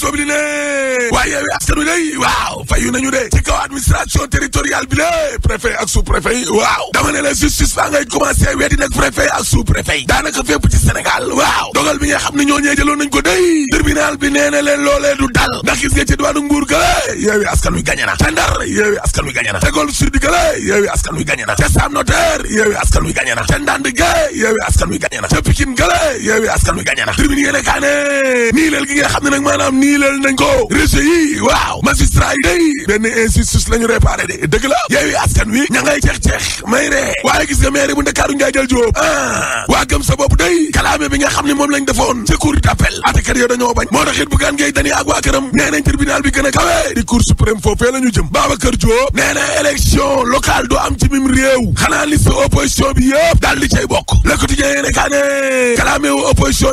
Vox Populi ne waaye yeewi askan wi day waaw fayu nañu de ci kaw administration territoriale bi lé préfet ak sous préfet yi waaw dama ne la justice baa ngay commencé weddi nag préfet ak sous préfet yi daanaka fépp ci Sénégal waaw dogal bi nga xam ne ñoo ñee nañ ko day tribunal bi nee leen loolee dal ndax gis ci diwaanu Mbuur gale yeewi askan wi gañe na te Ndar askan wi gañe na te Golf Sud gale askan wi gañe na te Sam Notaire yeewi askan wi gañe na waaw bi benn injustice la ñu réparé de dëgg la yeewi askan wi ña ceex-ceex may ree waaye gis nga maire bu Ndakaaru Ndiaye Jël Joob ah. waa gëm sa bopp day kalaame bi nga xam ne moom lañ defoon ci cour d'appel attakat yo dañoo bañ moo tax it Bougane Gueye Dany waa këram nee nañ tribunal bi gën a kawe di cour suprême foofee la ñu jëm Babacar Diop nee na élection locale doo am ci mim réew xanaa liste opposition bi yëpp daal di cay bokk Le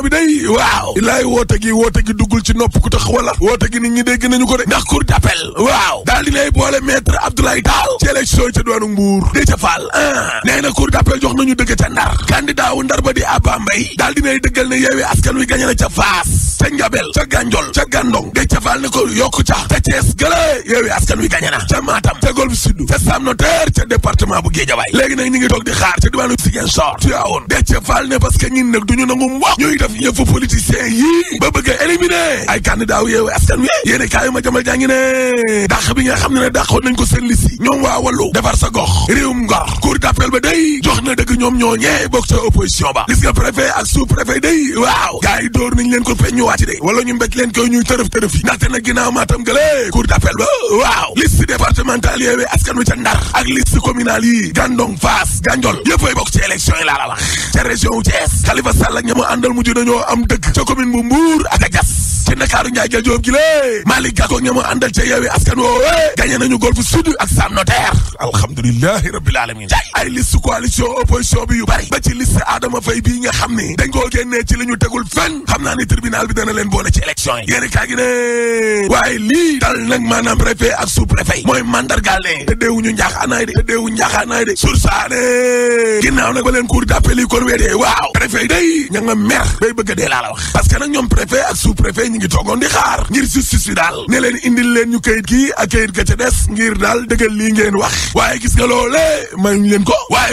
bi day waaw ilaay woote gi woote gi ci nopp ku tax wala woote gi nit ñi dégg nañu ko de ndax cour d'appel waaw daal dinay boole maître Abdoulaye Tall ci élection yi ca doonu Mbour Déthié Fall a ah. nee na cour d'appel jox nañu dëgg ca ndar candidat ndar ba di Abba Mbaye daal dinay dëggal ne yeewee askan wi gañe na ca Fass ca njabel ca gànjol ca gàndong Déthié Fall ne ko yokku ca ca Thiès gëlé Yewwi Askan Wi gañe ca Matam ca Golf Sud ca Sam ca département bu Guédiawaye léegi nag ñi ngi toog di xaar ca diwaanu Ziguinchor tuyaawoon Déthié Fall ne parce que ñin nag duñu nangu mu ñuy def yëfu politicien yii ba bëgg a éliminer ay candidat wu Askan Wi yéen i kaay yu ne dàq bi nga xam ne ne dàqoon nañ ko seen liste ñoom waa Wallu defar sa gox réewum ñëwaati de wala ñu mbéj leen koy ñuy tërëf tërëf yi ndaxte nag ginnaaw maatam gële cour d'appel ba waaw liste départementale yeewee askan wi ca Ndar ak liste communale yi Gandon Fass Gandiol yëppay bokk ci élection yi laa la ca région wu Thiès Khalifa Sall ak ña mu àndal mujj am dëgg ca commune bu Mbour ak a ci Ndakaaru njaajël jóob gi lée Malick Gakou ña mu àndal ca yeewi askan woowe gagné nañu Golf Sud ak Sam Notaire alhamdulilahi rabbil alamin ay liste coalition opposition bi yu bari ba ci liste Adama Faye bii nga xam ni dañ koo génnee ci li ñu tegul fenn xam naa ni tribunal bi dana leen boole ci élection yi yéeni kaa waaye lii dal nag maanaam préfet ak sous préfet mooy mandargaal ne te deewuñu njaaxaanaay de de sur saane ginnaaw nag ba leen cour ñu ngi toogoon di xaar ngir justice bi daal ne leen leen ñu kayit gi ak kayit ga ca des ngir daal dëggal lii ngeen wax waaye gis nga loole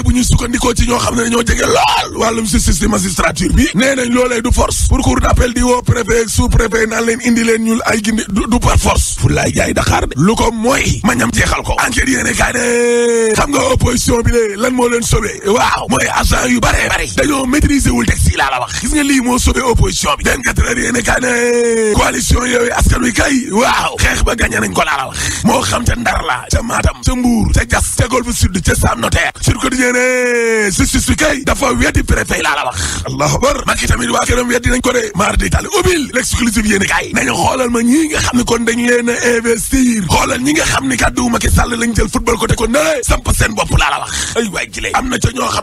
bu ñu sukkandikoo ci ñoo xam ne ñoo jege lool wàllum justice di magistrature bi nee nañ loolee du force pour cour d'appel di woo préfet sous préfet naan leen indi leen ñu ay gindi du par force fu laay jaay Dakar de lu ko mooy mañam jeexal ko enquête yéene xam nga opposition bi de lan moo leen sobee waaw mooy agent yu bare bare dañoo maîtriser wul laa la wax gis nga lii moo sobee coalition yooyu askan wi kay waaw xeex ba gagné nañ ko laala wax moo xam ca ndar la ca maatam ca mbuur ca jas ca golfe sud ca sam notaire sur quotidien ne justice bi kay dafa weddi préfet laala wax allahu akbar Macky tamit waa këram weddi nañ ko de mardi tali ubil l'exclusive yéen kay nañu xoolal ma ñi nga xam ne kon dañ leen a investir xoolal ñi nga xam ne kàddu Macky Sall lañ jël football ko te ko nale samp seen bopp laala wax ay jile am na ca ñoo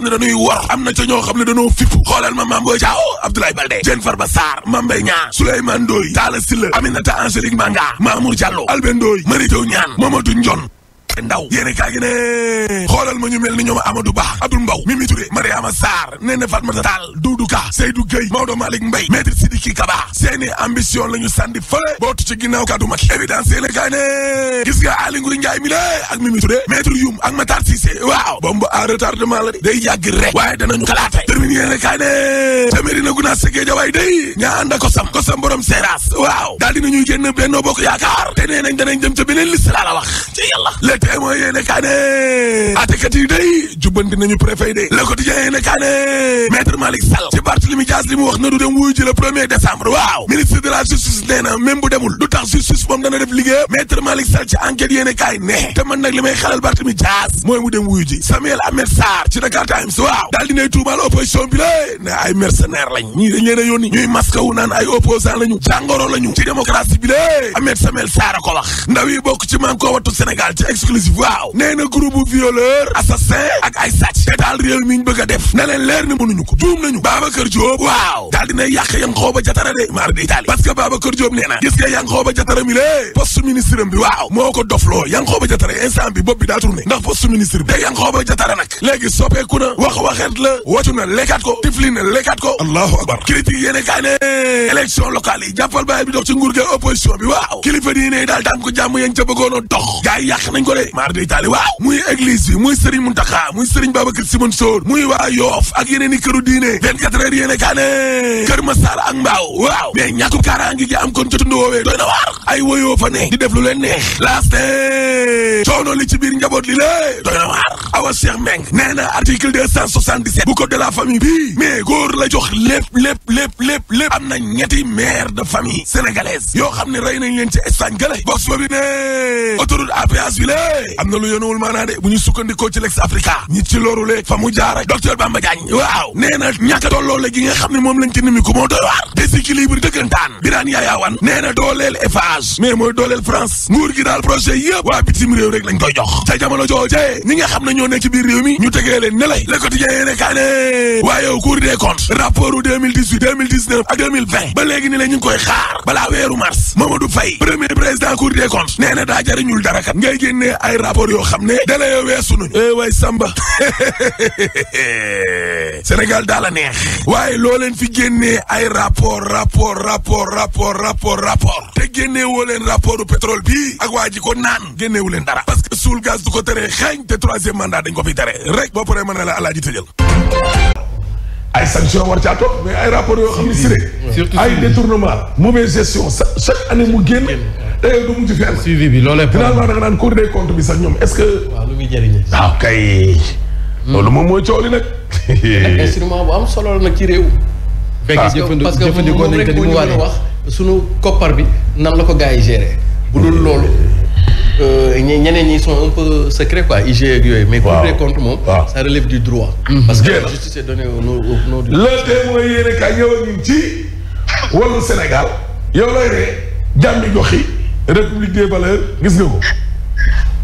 xam Ndoye Talla Sylla Aminata Angélique Manga Mamour Diallo Albert Ndoye Mary Teuw Niane Mamadou Mbàkke Ndaw yéene kaa gi ne xoolal ma ñu mel ni ñoom Amadou Ba Abdou Mbow Mimi Touré Mariama Sarr Néné Fatmata Tall Doudou Ka Seydou Gueye Maodo Malick Mbaye Maître Sidiki Kaba seeni ambition la ñu sànni fële bootu ci ginnaaw kàddu Macky évidence yéene kaa ne gis nga Aly Ngouille Ndiaye mi la ak Mimi Touré Maître Youm ak Matar Cissé waaw bombe à retardement la day yàgg rek waaye danañu kalaate termine yéene kaa ne ca Médina Gounass Guédiawaye way day ñaa ànd ak kosam te nee nañ danañ dem ca beneen liste laa témoin yéene kaa ne atekat yi day jubbanti nañu préfet de le quotidien yéene kaa ne maître Malick ci Barthélémy Dias li mu wax na du dem wuyu ji le premier décembre waaw ministre de la justice nee na même bu demul du tax justice moom dana def liggéey maître Malick Sall ci enquête yéene kaay ne te man nag li may xelal Barthélémy Dias mooy mu dem wuyu ji Samuel Ahmed Sarr ci Dakar Times waaw daal dinay tuumaal opposition bi la ne ay mercenaires lañ a ñuy masque a ko wax exclusive waaw nee na groupe violeur assassin ak ay sàcc te daal réew mi ñu bëgg a def na leen leer ni mënuñu ko juum nañu Babacar Diop waaw daal dina yàq Yankhoba Diattara de mar di Italie parce que Babacar Diop nee na gis nga Yankhoba Diattara mi lée poste ministre bi waaw moo ko dofloo Yankhoba Diattara instant bi bopp bi daa tourné ndax poste ministre bi te Yankhoba Diattara nag léegi soppeeku na wax waxeet la wàccu na lekkaat ko tifli na lekkaat ko allahu akbar critique yéene kaay ne a de maar day taali waaw muy église bi muy Serigne Mountakha muy Serigne Babacar Sy Mansour muy waa Yoff ak yeneen këru diine 24 heures yéene kaa Kër Massar ak Mbao waaw mais ñàkkub kaaraangi gi am kon ca tund woowee doy na waar ay woyoo fa ne di def lu leen neex laaste li ci biir njaboot li lée doy na waar awa Cheikh Meng nee na article 277 bu code de la famille bi mais góor la jox lépp lépp lépp lépp am na ñetti mère de famille sénégalaise yoo xam ne rey nañ leen ci Espagne gale box am na lu yónnuwul maanaa de bu ñu sukkandikoo ci lex africa ñi ci loorulee fa mu jaar ak docteur waaw nee na ñàkk tolloo la gi nga xam ne moom lañ ci nimiku moo doy waar déséquilibre dëggantaan biraan yaayaawan nee na dooleel Eiffage mais mooy dooleel France nguur gi daal projet yëpp waa bitim réew rek lañ koy jox ca jamono joojee ñi nga xam ne ñoo nekk ci biir réew mi ñu tegee leen ne lay le quotidien yéene waaye Cour des comptes rapportu 2018 ay rapport yoo xam ne dala yoo weesu nañu eh waay Samba Sénégal daala neex waaye loo leen fi génnee ay rapport rapport rapport rapport rapport rapport te génnee woo leen rapportu pétrole bi ak waa ji ko naan génneewu leen dara parce que suul gaz du ko tere xeeñ te troisième mandat dañ ko fi tere rek boo paree mën na la alaaji tëjal ay sanction war caa topp mais ay rapport yoo xam ne siré ay détournement mauvaise gestion année mu génn d'ailleurs du bi loolee. finalement da nga naan Cour des comptes bi sax ñoom est-ce que. waaw ah, loolu moom mooy coow li nag. instrument bu am solo la nag ci réew. parce parce que moom rek moo ñu mën a wax sunu koppar bi nan la ko gars yi gérer. bu dul loolu. Euh, ñi sont un peu secret quoi IGE yooyu. mais Cour des comptes moom. ça relève du droit. Mhm. parce que la justice est donnée au nom au nom du. mooy yéen a yow a ngi ci wàllu Sénégal yow lay ree jàmmi gox yi. république des valeurs gis nga ko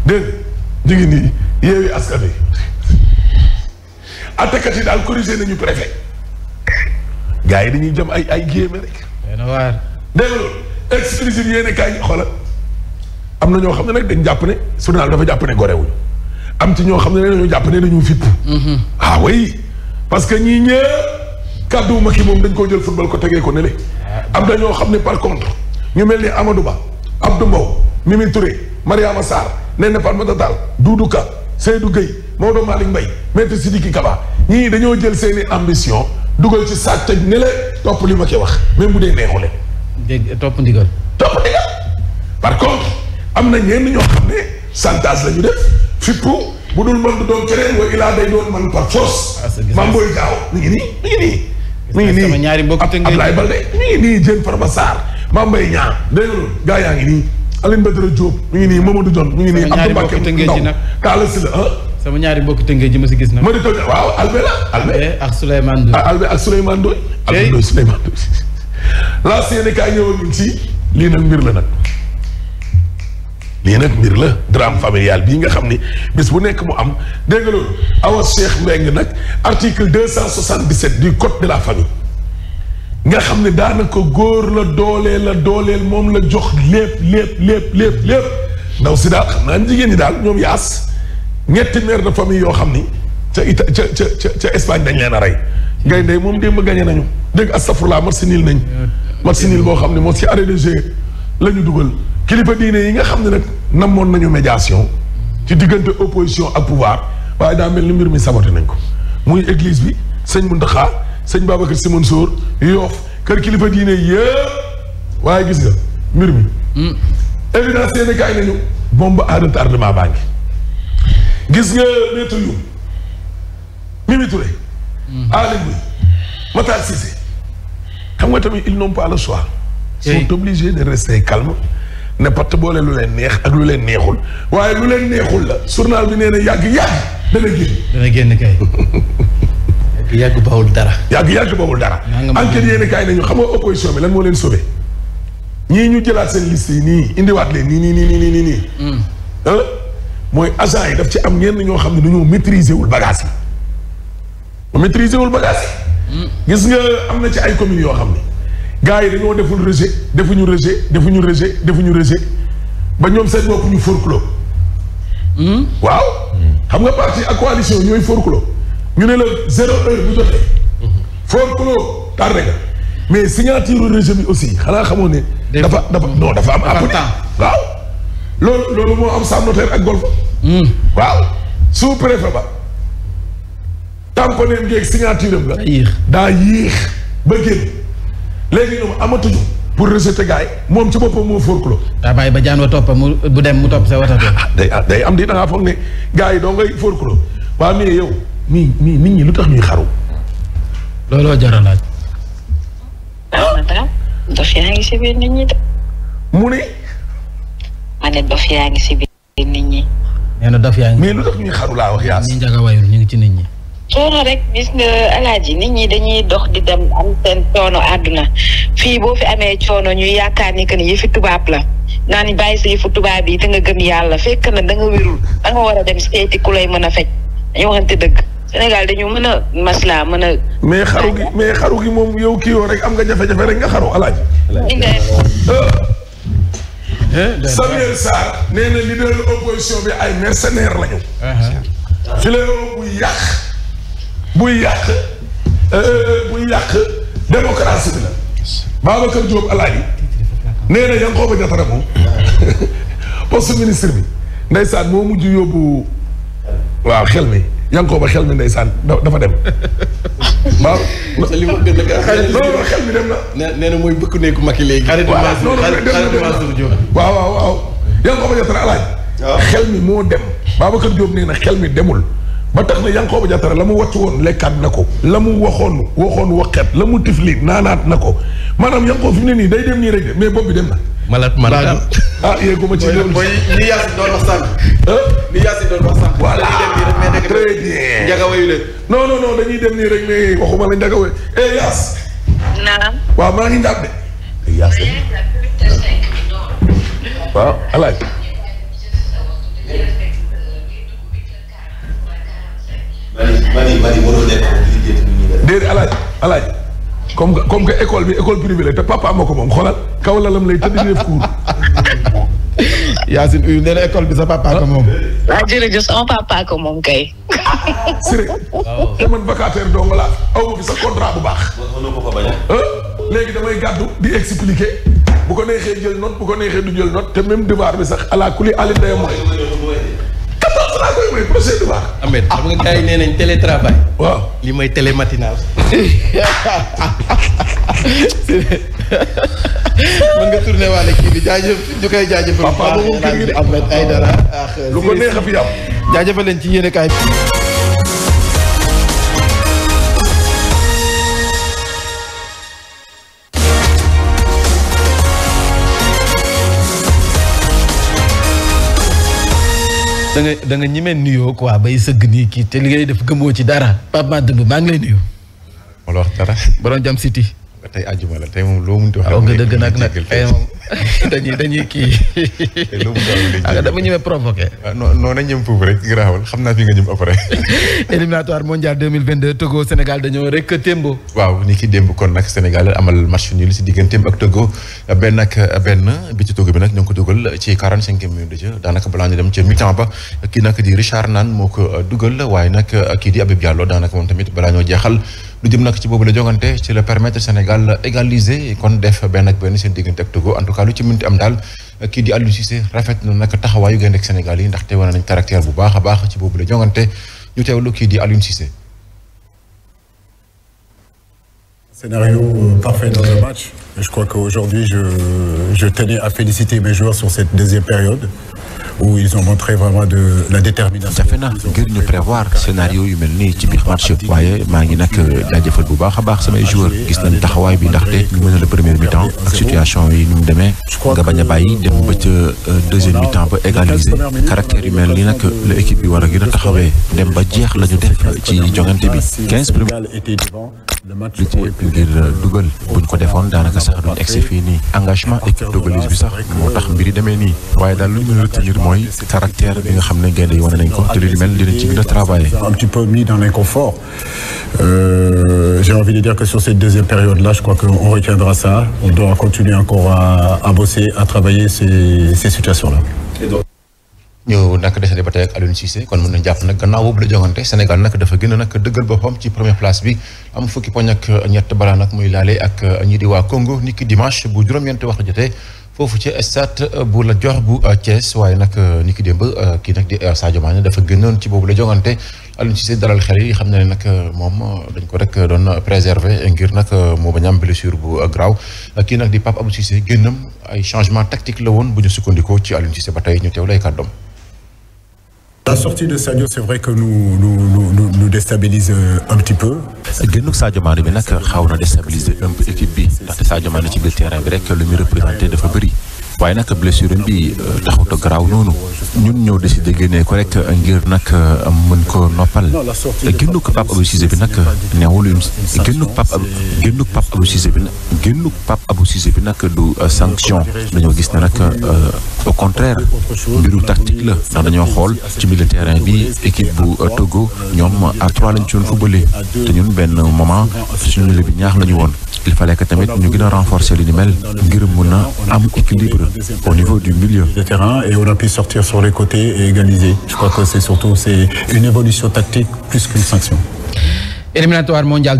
dégg nga ñu ngi nii yeewi daal corrigé nañu préfet gars yi dañuy jëm ay ay géeme rek. dégg nga loolu exclusive yéen kaay ñu xoolal am na ñoo xam ne nag dañ jàpp ne su journal dafa jàpp ne gorewuñu am ci ñoo xam ne dañoo jàpp ne dañu fipp. Mhm. ah oui parce que ñii ñëw kàddu wu ma moom dañ koo jël football ko tegee ko ne le ah. am na ñoo xam ne par contre ñu mel ni Amadou Abdou Mbow Mimi Touré Mariama Sarr Néné Fatoumata Tall seetu Ka Seydou Gueye Maodo Malick Mbaye Maître Sidiki Kaba ñii dañoo jël seeni ambition dugal ci sac tëj ni la topp li ma koy wax même bu dee neexule dégg topp ndigal topp ndigal par contre am na ñenn ñoo xam ne santage la ñu def fippu bu dul man du doon keneen wa ilaa day doon man par force mam booy gaaw mi ngi nii nii ngi nii Abdoulaye Balde mi ngi nii Diène Farba Sarr Mame Mbaye Niang dégg nga gaa yaa ngi nii Aline Badara Diop mu ngi nii Mamadou Dione mu ngi nii Abdou Mbacké Ndaw Talla Sylla sama ñaari mbokk tënkee ji ma si gis nag. ma di ko waaw Albé la. Albé ak Souleymane Ndoye. Ah, Albé ak Souleymane Ndoye. Albé Ndoye Souleymane Ndoye. laa seeni kaay ñëwaguñ ci lii nag mbir la nag. lii nag mbir la drame familial bii nga xam ni bis bu nekk mu am dégg nga loolu Awa nag article deux cent soixante-dix-sept du code de la famille. nga xam ne daanaka góor la dooleel la dooleel moom la jox lépp lépp lépp ndaw si daal xam naa jigéen ñi daal ñoom yaas ñetti mère na famille yoo xam ni ca Ita ca ca ca Espagne dañ leen a rey. ngay ndey moom démb gagné nañu. dégg astafurlaa match nul nañ. match boo xam ne moo si arrêt de la ñu dugal. kilifa diine yi nga xam ne nag namoon nañu médiation. ci diggante opposition ak pouvoir waaye daa mel ni mbir mi saboté nañ ko muy église bi sëñ Mountakha. sëñ Babacar Sy Mansour Yoff kër kilifa diine yëpp waaye gis nga mbir mi. Hmm. évidence yéen kaay nañu bombe à retardement baa ngi gis nga maître yu Mimi Touré. Hmm. Aly Ngouille Matar Cissé xam nga tamit ils n'ont pas le choix. ils sont obligés de rester calme ne pat boole lu leen neex ak lu leen neexul waaye lu leen neexul la journal bi nee na yàgg yàgg dana génn. dana génn kay. yàgg bawul dara. yàgg yàgg bawul dara. enquête yéen kaay nañu xam nga opposition bi lan moo leen sauvé. ñii ñu jëlaat seen liste yi nii indiwaat leen nii nii ni nii nii nii. Hmm. mooy agent yi daf ci am ñenn ñoo xam ne dañoo maîtriser wul bagage yi. ma wul bagage hmm. gis nga am na ci ay communes yoo xam ne. gars yi dañoo deful rejet defu ñu defuñu rejet defuñu rejet ba ñoom seen bopp ñu forclos. Hmm. waaw. xam nga parti ak coalition ñooy forclos. ñu ne la zéro heure bu jotee. foo clos tardé nga mais signature régime bi aussi xalaa xamoo ne. dafa dafa non dafa am. dafa temps waaw. loolu loolu moo am Sam ak Golf. Hmm. waaw sous préfet ba. tamponné ngeeg signature am la. daa yéex ba génn. léegi pour rejeter gars yi moom si boppam moo forclos. daa bàyyi ba jaan wa topp mu bu dem mu topp sa watatu. Ah, ah, ah, day am di da ngaa foog ne gars yi doo ngay forclos waa mais yow. mi mi nit ñi lu tax ñuy xaru. looloo jar a dof yaa ngi si biir nit ñi de. mu ne. ma dof yaa ngi si biir nit ñi. nee na dof yaa ngi. ci nit ñi. coono rek gis nga alaaji nit ñi dañuy dox di dem am seen coono àdduna fii boo fi amee coono ñu yaakaar ni que ni yëfi tubaab la naa ni bàyyi sa yëfu tubaab yi te nga gëm yàlla fekk na da nga wérul da war a dem seeti ku lay mën a faj dañu waxante dëgg. Sénégal dañu mën a maslaa mën a. mais xaru gi mais gi moom yow kii yoo am nga jafe-jafe rek nga xaru alaaj. Euh, euh, Samuel Sarr nee na leader opposition bi ay mercenaire lañu. Uh-huh. fi la buy yàq buy yàq euh, buy bi la. Babacar Diop alaaji nee na Yankhoba Diattara moom poste ministre bi ndeysaan moo mujj yóbbu waaw xel mi. Yankoba xel mi ndeysaan dafa dem. waaw. li ma gën a xel mi dem na. nee nee na mooy bëkk nekku Macky léegi. voilà noonu la dem na waaw waaw waaw. Yankoba Diattara alaaj. waaw xel mi moo dem. Babacar Diop nee na xel mi demul. ba tax na Yankoba Diattara la mu wàcc woon lekkaat na ko. la mu waxoon waxoon waxeet la mu tifli naanaat na ko maanaam Yankoba fi mu ne nii day dem nii rek mais bopp bi dem na. malat malat ah yéeguma ci loolu mooy li Yacine doon wax sànq. li Yacine doon wax sànq. voilà très bien njagawayu dem nii rek mais waxuma la njagawe eh Yaas. naam. waaw maa ngi ndàb de. Eh, Yaas waaw alaaj mani comme que comme que école bi école privée la te papa moom xoolal kaw lalam lay tëdd di def cours. Uy nee école bi sa papa ko moom. waaw ah, jërëjëf sama papa ko moom kay. Siré. waaw te man vacataire dong la aw ma fi sa contrat bu baax. léegi damay gàddu di expliquer bu ko neexee jël note bu ko neexee du jël note te même devoir bi sax ala kuli ali ndeyam mooy. mooy procédure. Ahmed xam nga nee nañ télétravail. waaw li mooy télématinal. mën nga tourné waale kii bi jaajëf ñu koy jaajëfal. papa am ah, ah, neex a fi am. jaajëfal leen ci yéen kaay da nga da nga ñemee nuyoo quoi bay sëgg nii kii te li ngay def gëmoo ci dara Pape Mademba maa ngi lay nuyu. ma la wax dara. borom jam city tey àjjuma la moom loo mënti wax. nga dëgg nag nag tey moom dañuy kii. loo dañuy ah, dama ñëwee provoqué. Ah, non non nañ ñëm foofu rek garaawal xam naa fi nga ñëm après. éliminatoire mondial deux mille vingt deux Togo Sénégal dañoo rek Témbo. waaw ni ki démb kon nag Sénégal amal match nul si digganteem ak Togo benn ak benn bi ci Togo bi nag ñoo ngi ko dugal ci quarante cinquième minute de jeu daanaka balaa ñu dem ci mi-temps ba kii nag di Richard Nane moo ko dugal waaye nag kii di Habib Diallo daanaka moom tamit balaa ñoo jeexal. lu jëm nag ci boobu la jongante ci la permettre Sénégal égaliser kon def benn ak benn seen diggante ak Togo en tout cas lu ci am daal kii di Aliou Cissé rafet na nag taxawaayu gaynde ak Sénégal yi ndaxte wane nañ caractère bu baax baax ci boobu la jongante ñu teewlu kii di Aliou Cissé Scénario euh, parfait dans le match. Je crois qu'aujourd'hui, je, je tenais à féliciter mes joueurs sur cette deuxième période où ils ont montré vraiment de la détermination. jafe na ngir ñu prévoir scénario yu mel nii ci biir match waaye maa ngi nag euh, jaajëfal bu baax a baax samay ah, joueurs gis nañ taxawaay bi ndaxte ñu mën a la première mi ak situation yi ni mu demee nga bañ a bàyyi dem ba ca euh, deuxième mi-temps ba égaliser caractère yu mel nii nag la équipe bi war a gën a taxawee dem ba jeex la ñu def ci jongante bi 15 premiers li ci ëpp ngir euh, dugal buñ ko defoon daanaka sax duñ egsi fii nii engagement équipe de Belgique bi sax moo tax mbiri demee ni waaye daal lu ñu mën a retenir mooy caractère bi nga xam ne gaynde yi wane nañ ko te lu mel dinañ ci gën a travailler. un petit peu mis dans l'inconfort euh, j'ai envie de dire que sur cette deuxième période là je crois que retiendra ça on doit continuer encore à à à travailler ces situations là. ñu nag décidé ba tey ak Aliou kon mën nañu jàpp nag gannaaw boobu la jongante Sénégal nag dafa gën a nag dëggal boppam ci première place bi am fukki poñ ak ñett balaa nag muy laale ak ñi di waa Congo niki dimanche bu juróom-ñeenti waxtu jotee foofu ci stade bu la jox bu Thiès waaye nag euh, ni ki démb euh, kii nag di euh, Sadio Mané dafa gënoon ci boobu la jongante Aliou Cissé dalal xel yi xam ne nag moom dañ ko rek doon préserver ngir nag moo bañ blessure bu graw kii nag di Pape Abou Cissé génnam ay changement tactique la woon bu ñu sukkandikoo ci Aliou Cissé ba tey ñu teew lay kàddoom La sortie de Sadio c'est vrai que nous nous nous nous déstabilise euh, un petit peu. génnug Sadio Mané bi nag xaw na déstabiliser un peu équipe bi ndaxte Sadio Mané ci biir terrain bi rek lu muy représenté dafa bëri. waaye nag blessure bi euh, taxut a garaaw noonu ñun ñoo décidé génnee ko rek euh, ngir nag euh, mën ko noppal génnuk Pape Abou Cissé bi nag neewul yu génnuk Pape Abou génnuk Pape bi nag génnuk Pape Abou bi nag du sanction dañoo gis ne nag au contraire mbiru tactique la ndax dañoo xool ci milieu terrain bi équipe bu Togo ñoom à trois lañ ci doon footballé te ñun benn moment suñu bi ñaax la ñu woon il fa lekk tamit ñu gën a renforcer li ni mel ngir mun a am équilibre au niveau du milieu. de terrain et on sortir sur les côtés et égaliser je crois que c'est surtout c'est une évolution tactique plus qu'une sanction. éliminatoire mondial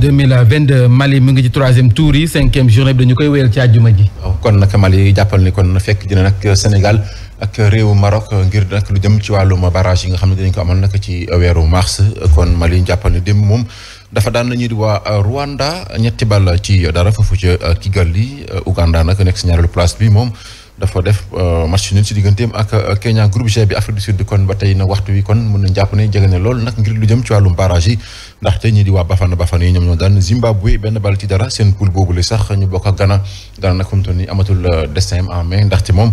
Mali mu ngi ci troisième tour yi cinquième journée bi dañu koy wéyal ci àjjuma ji. kon nag Mali jàppal ni kon na fekk dina nag Sénégal. ak réewu Maroc ngir nag lu jëm ci wàllum barrage yi nga xam ne dañ ko amal nag ci weeru mars kon Mali jàppal ni démb moom. dafa daan nañu di waa euh, Rwanda ñetti bal ci dara foofu ca euh, Kigali euh, Uganda nag nekk si ñaareelu place bi moom dafa def match nul si digganteem ak Kenya groupe G bi Afrique du Sud kon ba tey na waxtu wi kon mën nañ jàpp ne jege ne lool nag ngir lu jëm ci wàllum barrage yi ndaxte ñii di waa Bafana Bafana yi ñoom ñoo daan Zimbabwe benn bal ci dara seen poule boobule sax ñu bokk ak Ghana Ghana nag comme ni amatul destin en ndax ndaxte moom.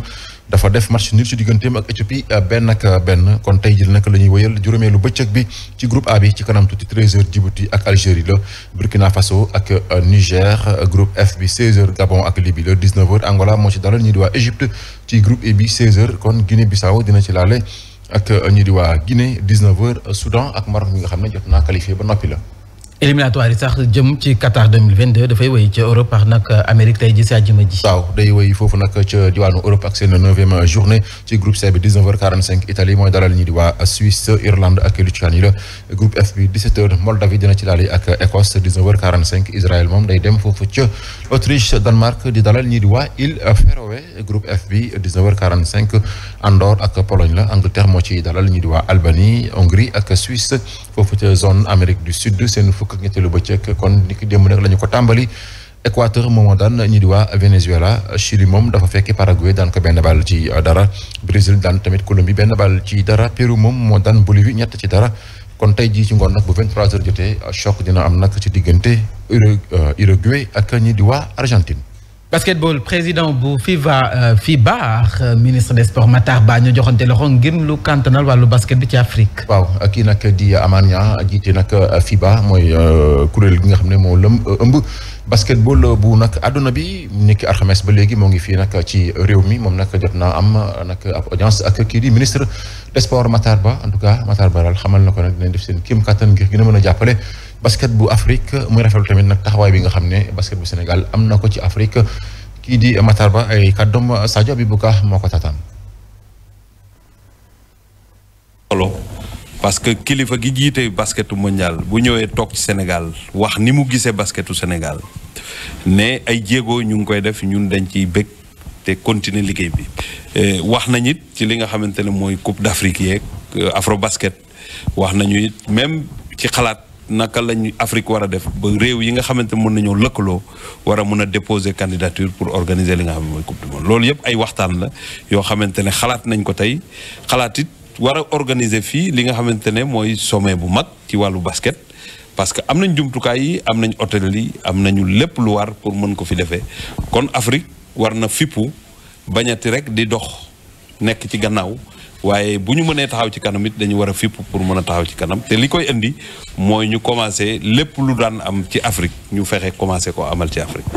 dafa def match nul ci digganteem ak Éthiopie euh, benn ak euh, benn kon tey jii nag la ñuy wëyal juróomeelu bëccëg bi ci groupe A bi ci kanam tuuti 13h Djibouti ak Algérie la Burkina Faso ak euh, Niger groupe F bi 16h Gabon ak Libye la 19h Angola moo ci dalal ñii di waa Égypte ci groupe E bi 16h kon Guinée Bissau dina ci laale ak ñii di waa Guinée 19h Soudan ak Maroc mi nga xam ne jot naa qualifié ba noppi la. éliminatoire yi sax jëm ci Qatar 2022 dafay wéy ca Europe ak nag Amérique ji si ji waaw day wéy foofu nag ca diwaanu Europe ak seen neuvième journée ci groupe C Italie mooy dalal ñi di waa Suisse Irlande ak Lituanie la groupe F Moldavie dina ci daali ak Écosse 19 moom day dem foofu ca Autriche Danemark di dalal ñi di waa Îles Féroé groupe F bi ak Pologne la Angleterre ci dalal ñi di waa Albanie Hongrie ak Suisse foofu ca zone Amérique fukk ak ñetteelu bëccëg kon ni ki démb nag la ko tàmbali Équateur moom moo daan ñi di waa Venezuela Chili moom dafa fekk Paraguay daan ko benn bal ci euh, dara Brésil daan tamit Colombie benn bal ci dara Pérou moom moo daan Bolivie ñett ci dara kon tey jii ci ngoon nag bu 23 heures jotee choc dina am nag ci diggante euh, Uruguay ak ñi di waa Argentine. basketball président bu euh, FIBA FIBA euh, ministre des sports Matar Ba ñu joxante loxo ngir lu kantanal wàllu basket bi ci Afrique. waaw kii nag di Amania jiite nag euh, ba mooy kuréel gi nga xam ne moo lëm ëmb basketball bu nag àdduna bi niki alxames ba léegi moo ngi fii nag ci réew mi moom nag jot na am nag ab audience ak kii di ministre des sports Matar Ba en tout cas Matar Ba daal xamal na ko nag dinañ def seen kim kattan ngir gën a mën a jàppale. basket bu Afrique muy rafetlu tamit nag taxawaay bi nga xam ne basket bu Sénégal am na ko ci Afrique kii di Matar Ba ay kàddoom Sadio bi Ka moo ko tataan. parce que kilifa gi jiite basketu mondial bu ñëwee toog ci Sénégal wax ni mu gisee basketu Sénégal ne ay jéego ñu ngi koy def ñun dañ ciy bëgg te continuer liggéey bi. Eh, wax nañ it ci li nga xamante ne mooy Coupe d'Afrique yeeg eh, basket wax nañu it même ci xalaat. naka lañu Afrique war a def ba réew yi nga xamante mën nañoo lëkkaloo war a mën a déposé candidature pour organiser li nga xam ne mooy coupe du monde loolu yëpp ay waxtaan la yoo xamante ne xalaat nañ ko tey xalaat it war a organiser fii li nga xamante ne mooy sommet bu mag ci wàllu basket parce que am nañ jumtukaay yi am nañ hôtel yi am nañu lépp lu war pour mën ko fi defee kon Afrique war na fippu bañati rek di dox nekk ci gannaaw waaye bu ñu mënee taxaw ci kanam it dañu war a fipp pour mën a taxaw ci kanam te li koy indi mooy ñu commencé lépp lu daan am ci Afrique ñu fexe commencé ko amal ci Afrique.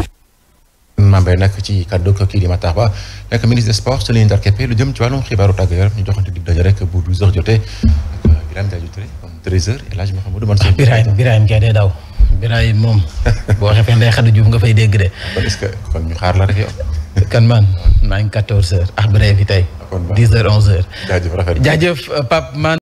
Mambey nag ci kàddu kii di Matar Ba nekk ministre des sports ci la ñuy lu jëm ci wàllum xibaaru tàggat yaram ñu joxante dig daje rek bu 12h jotee ak Birame Diadio Touré comme 13h El Hadj Mouhamadou Mansour. Birame Birame kay day daw. Birame moom boo xefee ndey xadu juuf nga fay dégg de. que kon ñu xaar la rek yow. kan man maa ngi 14h ah tey. 10 heures 11 heures jaajëf Pape Man